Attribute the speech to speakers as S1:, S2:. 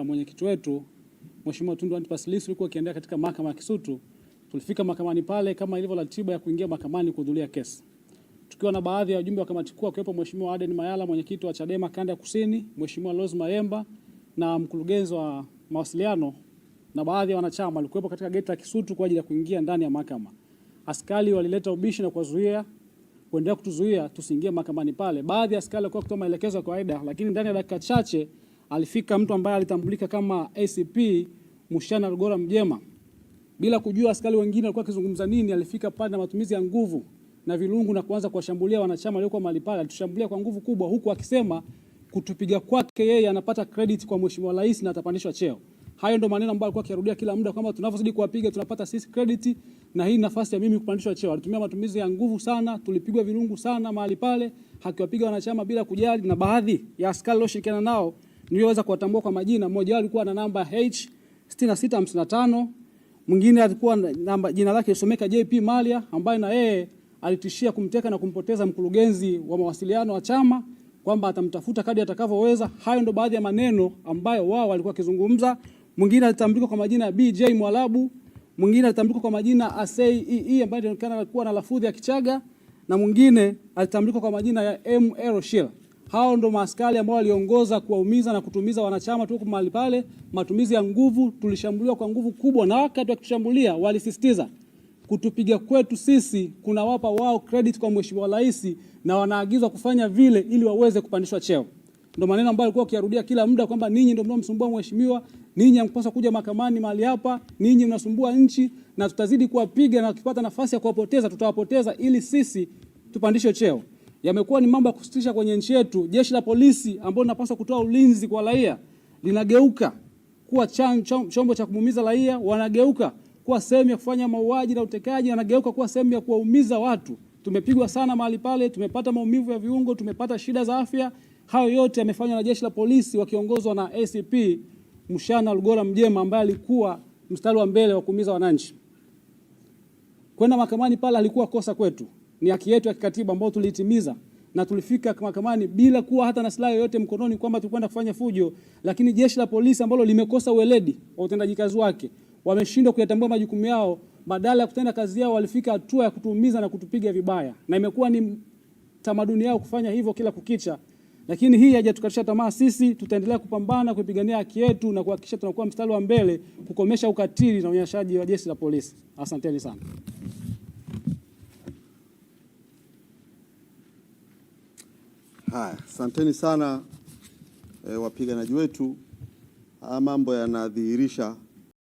S1: Mwenyekiti wetu Mheshimiwa Tundu Antipas Lissu alikuwa akiendea katika mahakama ya Kisutu. Tulifika mahakamani pale kama ilivyo ratiba ya kuingia mahakamani kuhudhuria kesi, tukiwa na baadhi ya wajumbe wa kamati kuu akiwepo Mheshimiwa Aden Mayala, mwenyekiti wa Chadema kanda ya Kusini, Mheshimiwa Rose Mayemba na mkurugenzi wa mawasiliano na baadhi ya wanachama walikuwepo katika geti la Kisutu kwa ajili ya kuingia ndani ya mahakama. Askari walileta ubishi na kuwazuia kuendelea kutuzuia tusiingie mahakamani pale. Baadhi ya askari walikuwa kutoa maelekezo ya kawaida, lakini ndani ya dakika chache alifika mtu ambaye alitambulika kama ACP Mshana Rugora Mjema. Bila kujua askari wengine walikuwa wakizungumza nini, alifika pale na matumizi ya nguvu na vilungu na kuanza kuwashambulia wanachama waliokuwa mahali pale. Alitushambulia kwa nguvu kubwa, huku akisema kutupiga kwake yeye anapata credit kwa mheshimiwa rais na atapandishwa cheo. Hayo ndio maneno ambayo alikuwa akirudia kila muda kwamba tunavyozidi kuwapiga tunapata sisi credit na hii nafasi ya mimi kupandishwa cheo. Alitumia matumizi ya nguvu sana, tulipigwa vilungu sana mahali pale, hakiwapiga wanachama bila kujali, na baadhi ya askari walioshirikiana nao nilioweza kuwatambua kwa majina, mmoja wao alikuwa na namba H 6655 mwingine alikuwa namba, jina lake lisomeka JP Malia ambaye na yeye alitishia kumteka na kumpoteza mkurugenzi wa mawasiliano wa chama kwamba atamtafuta kadi atakavyoweza. Hayo ndo baadhi ya maneno ambayo wao walikuwa wakizungumza. Mwingine alitambulika kwa majina ya BJ Mwalabu, mwingine alitambulika kwa majina Asei EE ambaye alionekana kuwa na lafudhi ya Kichaga na mwingine alitambulika kwa majina ya ML Shila. Hao ndo maaskari ambao waliongoza kuwaumiza na kutumiza wanachama tu mahali pale, matumizi ya nguvu. Tulishambuliwa kwa nguvu kubwa, na wakati wakitushambulia walisisitiza kutupiga kwetu sisi kunawapa wao credit kwa mheshimiwa rais, na wanaagizwa kufanya vile ili waweze kupandishwa cheo. Ndo maneno ambayo alikuwa akiarudia kila muda kwamba ninyi ndio mnaomsumbua mheshimiwa, ninyi hamkupaswa kuja mahakamani mahali hapa, ninyi mnasumbua nchi, na tutazidi kuwapiga na tukipata nafasi ya kuwapoteza tutawapoteza, ili sisi tupandishwe cheo yamekuwa ni mambo ya kusitisha kwenye nchi yetu. Jeshi la polisi ambalo linapaswa kutoa ulinzi kwa raia linageuka kuwa chan, chom, chombo cha kumumiza raia, wanageuka kuwa sehemu ya kufanya mauaji na utekaji, wanageuka kuwa sehemu ya kuwaumiza watu. Tumepigwa sana mahali pale, tumepata maumivu ya viungo, tumepata shida za afya. Hayo yote yamefanywa na jeshi la polisi wakiongozwa na ACP Mshana Lugola Mjema ambaye alikuwa mstari wa mbele wa kuumiza wananchi. Kwenda mahakamani pale alikuwa kosa kwetu ni haki yetu ya kikatiba ambayo tulitimiza na tulifika mahakamani bila kuwa hata na silaha yoyote mkononi, kwamba tulikwenda kufanya fujo. Lakini jeshi la polisi ambalo limekosa ueledi wa utendaji kazi wake, wameshindwa kuyatambua majukumu yao, badala ya kutenda kazi yao walifika hatua ya kutuumiza na kutupiga vibaya, na imekuwa ni tamaduni yao kufanya hivyo kila kukicha. Lakini hii haijatukatisha tamaa sisi, tutaendelea kupambana kupigania haki yetu na kuhakikisha tunakuwa mstari wa mbele kukomesha ukatili na unyanyashaji wa jeshi la polisi. Asanteni sana.
S2: Haya, asanteni sana e, wapiganaji wetu. Haya mambo yanadhihirisha